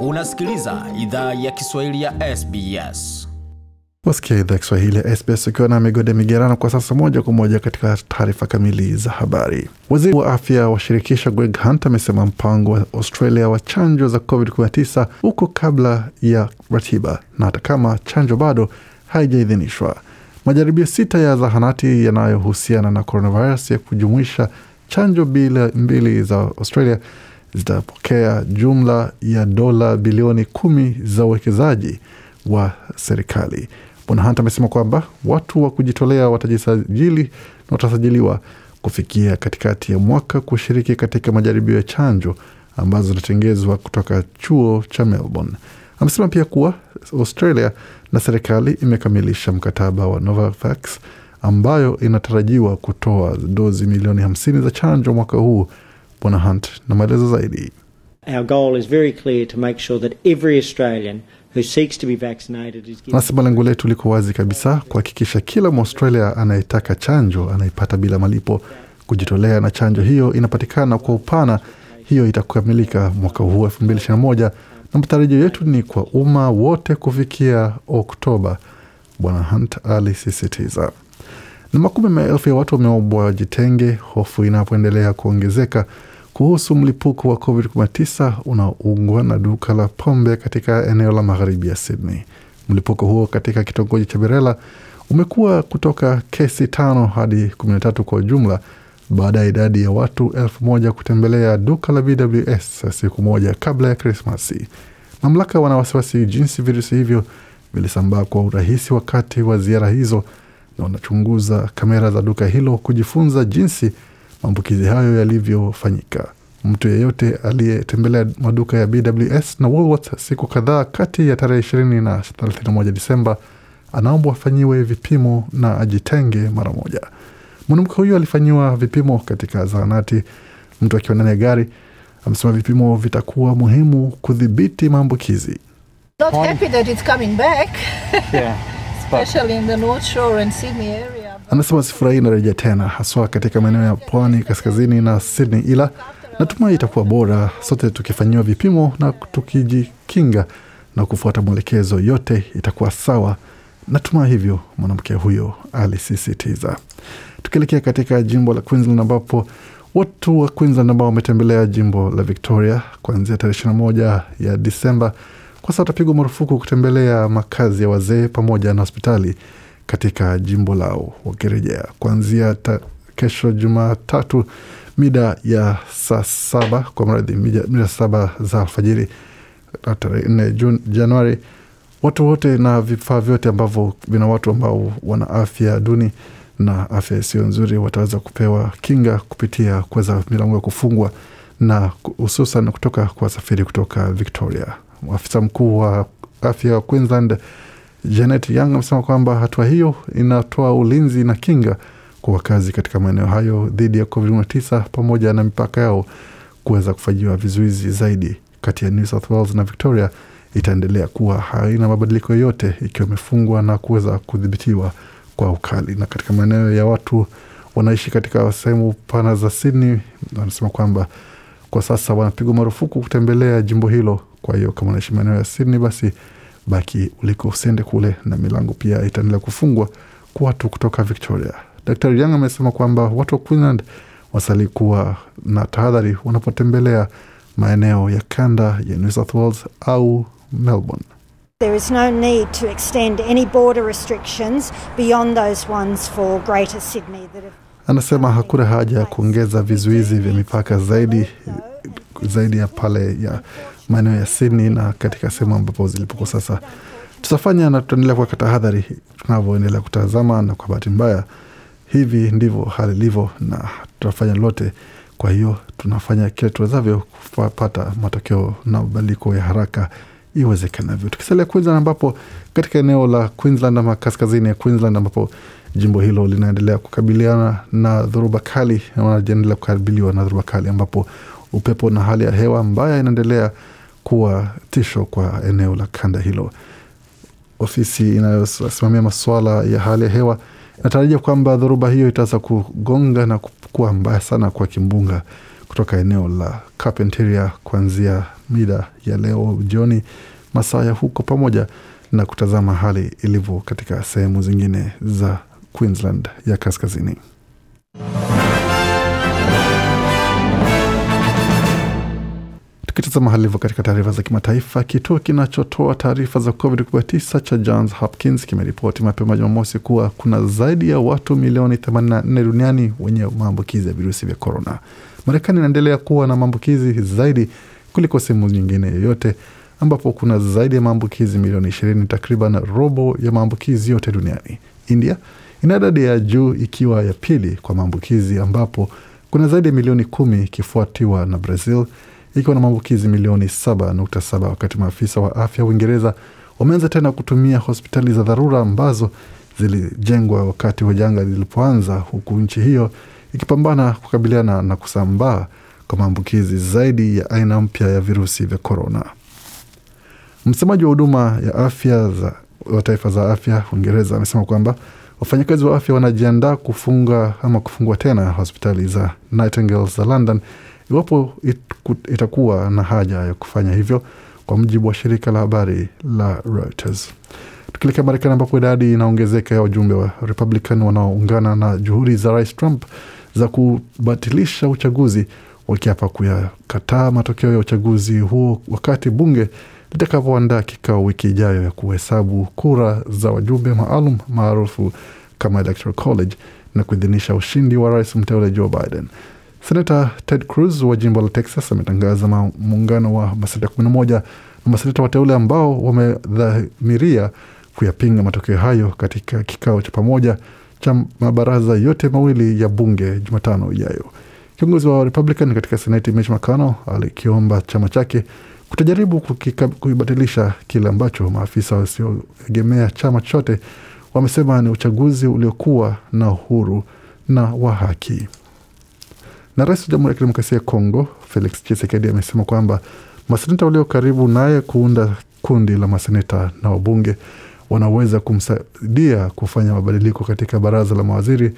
Unasikiliza idhaa ya Kiswahili ya SBS. Wasikia idhaa ya Kiswahili ya SBS ukiwa na migode migerano. Kwa sasa, moja kwa moja katika taarifa kamili za habari. Waziri wa afya wa shirikisho Greg Hunt amesema mpango wa Australia wa chanjo za COVID-19 huko kabla ya ratiba, na hata kama chanjo bado haijaidhinishwa. Majaribio sita ya zahanati yanayohusiana na coronavirus ya kujumuisha chanjo mbili za Australia zitapokea jumla ya dola bilioni kumi za uwekezaji wa serikali. Bwana Hunt amesema kwamba watu wa kujitolea watajisajili na watasajiliwa kufikia katikati ya mwaka kushiriki katika majaribio ya chanjo ambazo zinatengezwa kutoka chuo cha Melbourne. Amesema pia kuwa Australia na serikali imekamilisha mkataba wa Novavax ambayo inatarajiwa kutoa dozi milioni 50 za chanjo mwaka huu Bwana Hunt na maelezo zaidi. Our goal is very clear to make sure that every Australian who seeks to be vaccinated is given. Nasema lengo letu liko wazi kabisa, kuhakikisha kila Mwaustralia anayetaka chanjo anaipata bila malipo. Kujitolea na chanjo hiyo inapatikana kwa upana, hiyo itakamilika mwaka huu 2021 na matarajio yetu ni kwa umma wote kufikia Oktoba, Bwana Hunt alisisitiza. Na makumi maelfu ya watu wameombwa wajitenge, hofu inapoendelea kuongezeka kuhusu mlipuko wa COVID-19 unaoungwa na duka la pombe katika eneo la magharibi ya Sydney. Mlipuko huo katika kitongoji cha Berela umekuwa kutoka kesi tano hadi 13 kwa ujumla baada ya idadi ya watu elfu moja kutembelea duka la BWS siku moja kabla ya Krismasi. Mamlaka wana wasiwasi jinsi virusi hivyo vilisambaa kwa urahisi wakati wa ziara hizo na wanachunguza kamera za duka hilo kujifunza jinsi maambukizi hayo yalivyofanyika. Mtu yeyote aliyetembelea maduka ya BWS na Woolworths siku kadhaa kati ya tarehe ishirini na 31 Disemba anaombwa afanyiwe vipimo na ajitenge mara moja. Mwanamke huyu alifanyiwa vipimo katika zahanati, mtu akiwa ndani ya gari amesema vipimo vitakuwa muhimu kudhibiti maambukizi. Not happy that it's coming back. yeah, especially in the North Shore and Sydney area. Anasema sifurahii inarejea tena, haswa katika maeneo ya pwani kaskazini na Sydney, ila natumai itakuwa bora sote tukifanyiwa vipimo na tukijikinga na kufuata mwelekezo, yote itakuwa sawa. Natumai hivyo, mwanamke huyo alisisitiza. Tukielekea katika jimbo la Queensland ambapo watu wa Queensland ambao wametembelea jimbo la Victoria kuanzia tarehe 21 ya Disemba kwa sasa watapigwa marufuku kutembelea makazi ya wazee pamoja na hospitali katika jimbo lao wakirejea kuanzia kesho Jumatatu mida ya saa saba kwa mradhi mida saba za alfajiri tarehe nne Januari. Watu wote na vifaa vyote ambavyo vina watu ambao wana afya duni na afya isiyo nzuri wataweza kupewa kinga kupitia kuweza milango ya kufungwa na hususan kutoka kwa wasafiri kutoka Victoria. Afisa mkuu wa afya wa Queensland Janet Young amesema kwamba hatua hiyo inatoa ulinzi na kinga kwa wakazi katika maeneo hayo dhidi ya COVID-19 pamoja na mipaka yao kuweza kufanyiwa vizuizi zaidi. Kati ya New South Wales na Victoria itaendelea kuwa haina mabadiliko yoyote, ikiwa imefungwa na kuweza kudhibitiwa kwa ukali. Na katika maeneo ya watu wanaishi katika sehemu pana za Sydney, wanasema kwamba kwa sasa wanapigwa marufuku kutembelea jimbo hilo. Kwa hiyo kama unaishi maeneo ya Sydney, basi baki uliko, usende kule, na milango pia itaendelea kufungwa kwa watu kutoka Victoria. Daktari Yang amesema kwamba watu wa Queensland wasalii kuwa na tahadhari wanapotembelea maeneo ya kanda ya New South Wales au Melbourne. There is no need to extend any border restrictions beyond those ones for Greater Sydney that have... Anasema hakuna haja ya kuongeza vizuizi vya mipaka zaidi zaidi ya pale ya maeneo ya Sydney na katika sehemu ambapo zilipoko sasa. Tutafanya na tutaendelea kuweka tahadhari tunavyoendelea kutazama, na kwa bahati mbaya hivi ndivyo hali ilivyo, na tutafanya lote. Kwa hiyo tunafanya kile tuwezavyo kupata matokeo na mabadiliko ya haraka iwezekanavyo. Tukisalia Queensland, ambapo katika eneo la Queensland ama kaskazini ya Queensland, ambapo jimbo hilo linaendelea kukabiliana na dhoruba kali, wanajiendelea kukabiliwa na dhoruba kali, ambapo upepo na hali ya hewa mbaya inaendelea kuwa tisho kwa eneo la kanda hilo. Ofisi inayosimamia masuala ya hali ya hewa inatarajia kwamba dhoruba hiyo itaweza kugonga na kuwa mbaya sana kwa kimbunga kutoka eneo la Carpentaria kuanzia mida ya leo jioni, masaa ya huko, pamoja na kutazama hali ilivyo katika sehemu zingine za Queensland ya kaskazini. Tukitazama hali ilivyo katika taarifa za kimataifa, kituo kinachotoa taarifa za COVID-19 cha Johns Hopkins kimeripoti mapema Jumamosi kuwa kuna zaidi ya watu milioni 84 duniani wenye maambukizi ya virusi vya korona. Marekani inaendelea kuwa na maambukizi zaidi kuliko sehemu nyingine yoyote, ambapo kuna zaidi ya maambukizi milioni 20, takriban robo ya maambukizi yote duniani. India ina idadi ya juu ikiwa ya pili kwa maambukizi, ambapo kuna zaidi ya milioni kumi, ikifuatiwa na Brazil ikiwa na maambukizi milioni 7.7 wakati maafisa wa afya Uingereza wameanza tena kutumia hospitali za dharura ambazo zilijengwa wakati wa janga lilipoanza, huku nchi hiyo ikipambana kukabiliana na kusambaa kwa maambukizi zaidi ya aina mpya ya virusi vya korona. Msemaji wa huduma ya afya za wa taifa za afya Uingereza amesema kwamba wafanyakazi wa afya wanajiandaa kufunga ama kufungua tena hospitali za Nightingale za London iwapo it, itakuwa na haja ya kufanya hivyo, kwa mujibu wa shirika la habari la Reuters. Tukielekea Marekani ambapo idadi inaongezeka ya wajumbe wa Republican wanaoungana na juhudi za Rais Trump za kubatilisha uchaguzi wakiapa kuyakataa matokeo ya uchaguzi huo wakati bunge litakapoandaa kikao wiki ijayo ya kuhesabu kura za wajumbe maalum maarufu kama Electoral College na kuidhinisha ushindi wa rais mteule Joe Biden. Senata Ted Cruz wa jimbo la Texas ametangaza muungano wa maseneta 11 na maseneta wateule ambao wamedhamiria kuyapinga matokeo hayo katika kikao cha pamoja cha mabaraza yote mawili ya bunge Jumatano ijayo. Kiongozi wa Republican katika Senati Mitch McConnell alikiomba chama chake kutajaribu kuibatilisha kile ambacho maafisa wasioegemea chama chote wamesema ni uchaguzi uliokuwa na uhuru na wa haki. Na rais wa Jamhuri ya Kidemokrasia ya Kongo Felix Chisekedi amesema kwamba maseneta walio karibu naye kuunda kundi la maseneta na wabunge wanaweza kumsaidia kufanya mabadiliko katika baraza la mawaziri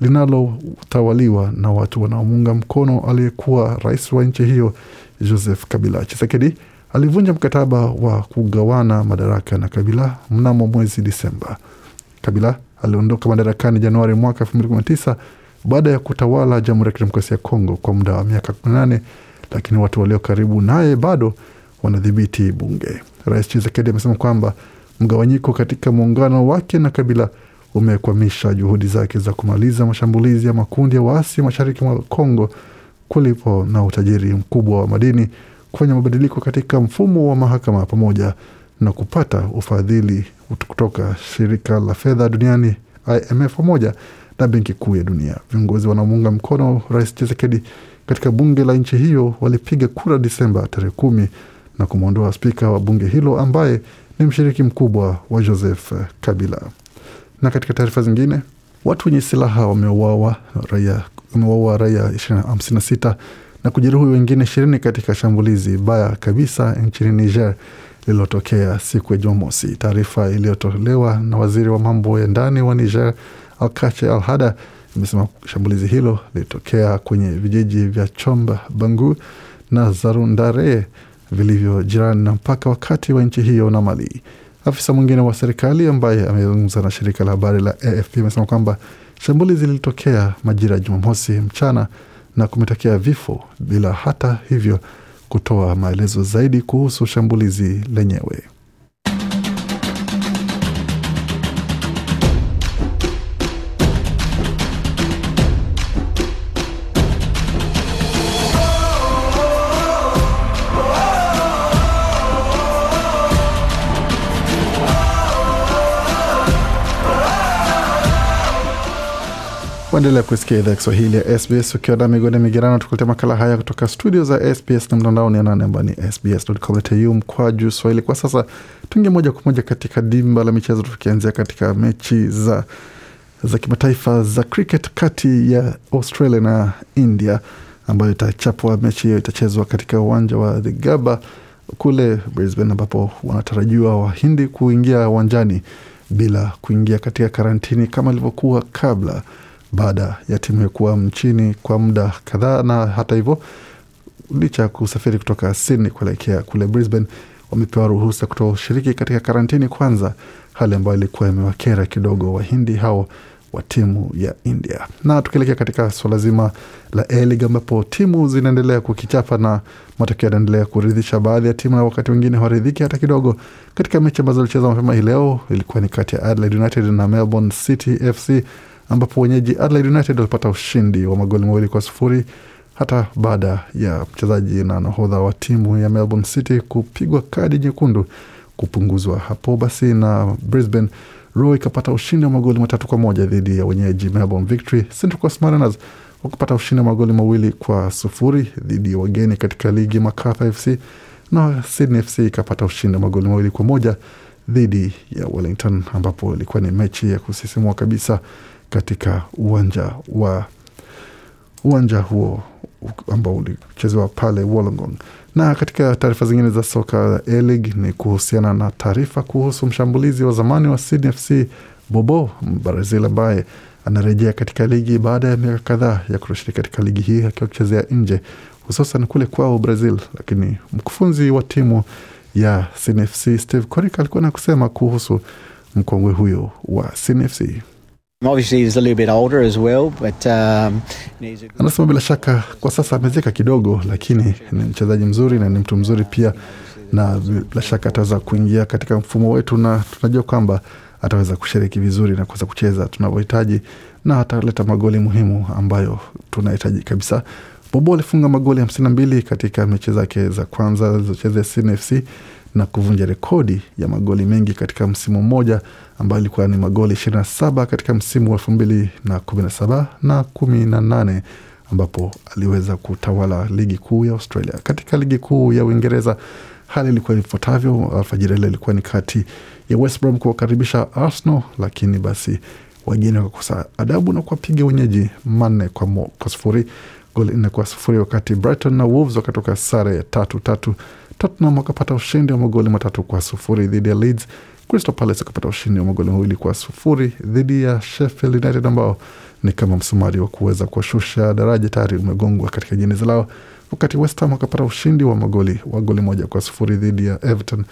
linalotawaliwa na watu wanaomuunga mkono aliyekuwa rais wa nchi hiyo Joseph Kabila. Chisekedi alivunja mkataba wa kugawana madaraka na Kabila mnamo mwezi Disemba. Kabila aliondoka madarakani Januari mwaka 2019 baada ya kutawala Jamhuri ya Kidemokrasia ya Kongo kwa muda wa miaka 18, lakini watu walio karibu naye bado wanadhibiti bunge. Rais chisekedi amesema kwamba mgawanyiko katika muungano wake na Kabila umekwamisha juhudi zake za kumaliza mashambulizi ya makundi ya waasi mashariki mwa Kongo kulipo na utajiri mkubwa wa madini, kufanya mabadiliko katika mfumo wa mahakama pamoja na kupata ufadhili kutoka shirika la fedha duniani IMF pamoja na Benki Kuu ya Dunia. Viongozi wanaomuunga mkono Rais Chisekedi katika bunge la nchi hiyo walipiga kura Disemba tarehe kumi na kumwondoa spika wa bunge hilo ambaye ni mshiriki mkubwa wa Joseph Kabila. Na katika taarifa zingine, watu wenye silaha wameuawa raia wameuawa raia 56 na kujeruhi wengine ishirini katika shambulizi baya kabisa nchini Niger lililotokea siku ya Jumamosi. Taarifa iliyotolewa na waziri wa mambo ya ndani wa Niger Alkache Al Hada imesema shambulizi hilo lilitokea kwenye vijiji vya Chomba, Bangu na Zarundare vilivyo jirani na mpaka wakati wa nchi hiyo na Mali. Afisa mwingine wa serikali ambaye amezungumza na shirika la habari la AFP amesema kwamba shambulizi lilitokea majira ya Jumamosi mchana na kumetokea vifo, bila hata hivyo kutoa maelezo zaidi kuhusu shambulizi lenyewe. Waendelea kusikia idhaa Kiswahili ya SBS ukiwa na migodi migerano, tukuletea makala haya kutoka studio za SBS na mtandaoni anane ambao ni sbs.com.au mkwaju swahili. Kwa sasa tuingie moja kwa moja katika dimba la michezo, tukianzia katika mechi za, za kimataifa za cricket kati ya Australia na India ambayo itachapwa. Mechi hiyo itachezwa katika uwanja wa The Gabba kule Brisbane, ambapo wanatarajiwa Wahindi kuingia uwanjani bila kuingia katika karantini kama ilivyokuwa kabla baada ya timu kuwa mchini kwa muda kadhaa, na hata hivyo, licha ya kusafiri kutoka Sydney kuelekea kule Brisbane, wamepewa ruhusa kutoshiriki katika karantini kwanza, hali ambayo ilikuwa imewakera kidogo Wahindi hao wa timu ya India. Na tukielekea katika suala zima la A-League ambapo timu zinaendelea kukichapa na matokeo yanaendelea kuridhisha baadhi ya timu na wakati wengine hawaridhiki hata kidogo. Katika mechi ambazo alicheza mapema hii leo ilikuwa ni kati ya Adelaide United na Melbourne City FC ambapo wenyeji Adelaide United walipata ushindi wa magoli mawili kwa sufuri hata baada ya mchezaji na nahodha wa timu ya Melbourne City kupigwa kadi nyekundu kupunguzwa hapo basi na Brisbane Roar ikapata ushindi wa magoli matatu kwa moja dhidi ya wenyeji Melbourne Victory. Central Coast Mariners wakapata ushindi wa magoli mawili kwa sufuri dhidi ya wageni katika ligi Macarthur FC na Sydney FC ikapata ushindi wa magoli mawili kwa moja dhidi ya Wellington, ambapo ilikuwa ni mechi ya kusisimua kabisa katika uwanja wa uwanja huo ambao ulichezewa pale Wollongong. Na katika taarifa zingine za soka A-League ni kuhusiana na taarifa kuhusu mshambulizi wa zamani wa Sydney FC Bobo Brazil ambaye anarejea katika ligi baada ya miaka kadhaa ya kutoshiriki katika ligi hii akiwa kuchezea nje hususan kule kwao Brazil. Lakini mkufunzi wa timu ya Sydney FC Steve alikuwa na kusema kuhusu mkongwe huyo wa Sydney FC. Um, Anasema bila shaka kwa sasa amezeka kidogo, lakini ni mchezaji mzuri na ni mtu mzuri pia, na bila shaka ataweza kuingia katika mfumo wetu, na tunajua kwamba ataweza kushiriki vizuri na kuweza kucheza tunavyohitaji, na ataleta magoli muhimu ambayo tunahitaji kabisa. Bobo alifunga magoli mbili katika mechi zake za kwanza zilizocheza SNFC na kuvunja rekodi ya magoli mengi katika msimu mmoja ambayo ilikuwa ni magoli 27 katika msimu wa 217 na 18 ambapo aliweza kutawala ligi kuu ya Australia. Katika ligi kuu ya Uingereza hali ilikuwa ifuatavyo. Alfajiri ile ilikuwa ni kati ya West kuwakaribisha Arsenal, lakini basi wageni wakakosa adabu na kuwapiga wenyeji manne kwa, kwa sufuri goli nne kwa sufuri, wakati Brighton na Wolves wakatoka sare ya tatu tatu Tottenham wakapata ushindi wa magoli matatu kwa sufuri dhidi ya Leeds. Crystal Palace wakapata ushindi wa magoli mawili kwa sufuri dhidi ya Sheffield United ambao ni kama msumari wa kuweza kuwashusha daraja tayari umegongwa katika jeneza lao, wakati West Ham wakapata ushindi wa magoli wa goli moja kwa sufuri dhidi ya Everton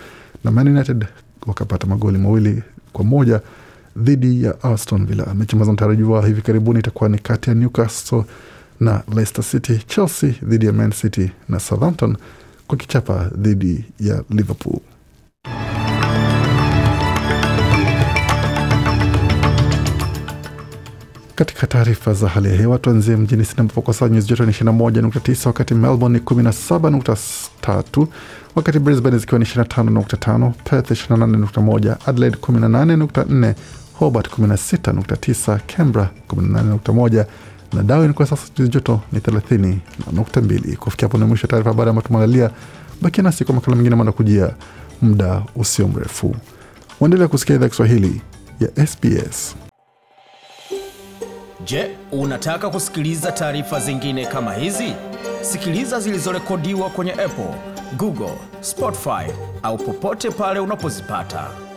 na Man United wakapata magoli mawili kwa moja dhidi ya Aston Villa. Mechi ambazo natarajiwa hivi karibuni itakuwa ni kati ya Newcastle na Leicester City, Chelsea dhidi ya Man City na Southampton kwa kichapa dhidi ya Liverpool. Katika taarifa za hali ya hewa tuanzie mjini Sydney ambapo kwa sasa nyuzi joto ni 21.9, wakati Melbourne ni 17.3, wakati Brisbane zikiwa ni 25.5, Perth 28.1, Adelaide 18.4, Hobart 16.9, Canberra 18.1 na Darwin ilikuwa sasa nyuzi joto ni 30 Kufikia hapo ni mwisho taarifa habari ambayo tumeandalia. Bakia nasi kwa makala mengine manakujia muda usio mrefu. Waendelea kusikia idhaa Kiswahili ya SBS. Je, unataka kusikiliza taarifa zingine kama hizi? Sikiliza zilizorekodiwa kwenye Apple, Google, Spotify au popote pale unapozipata.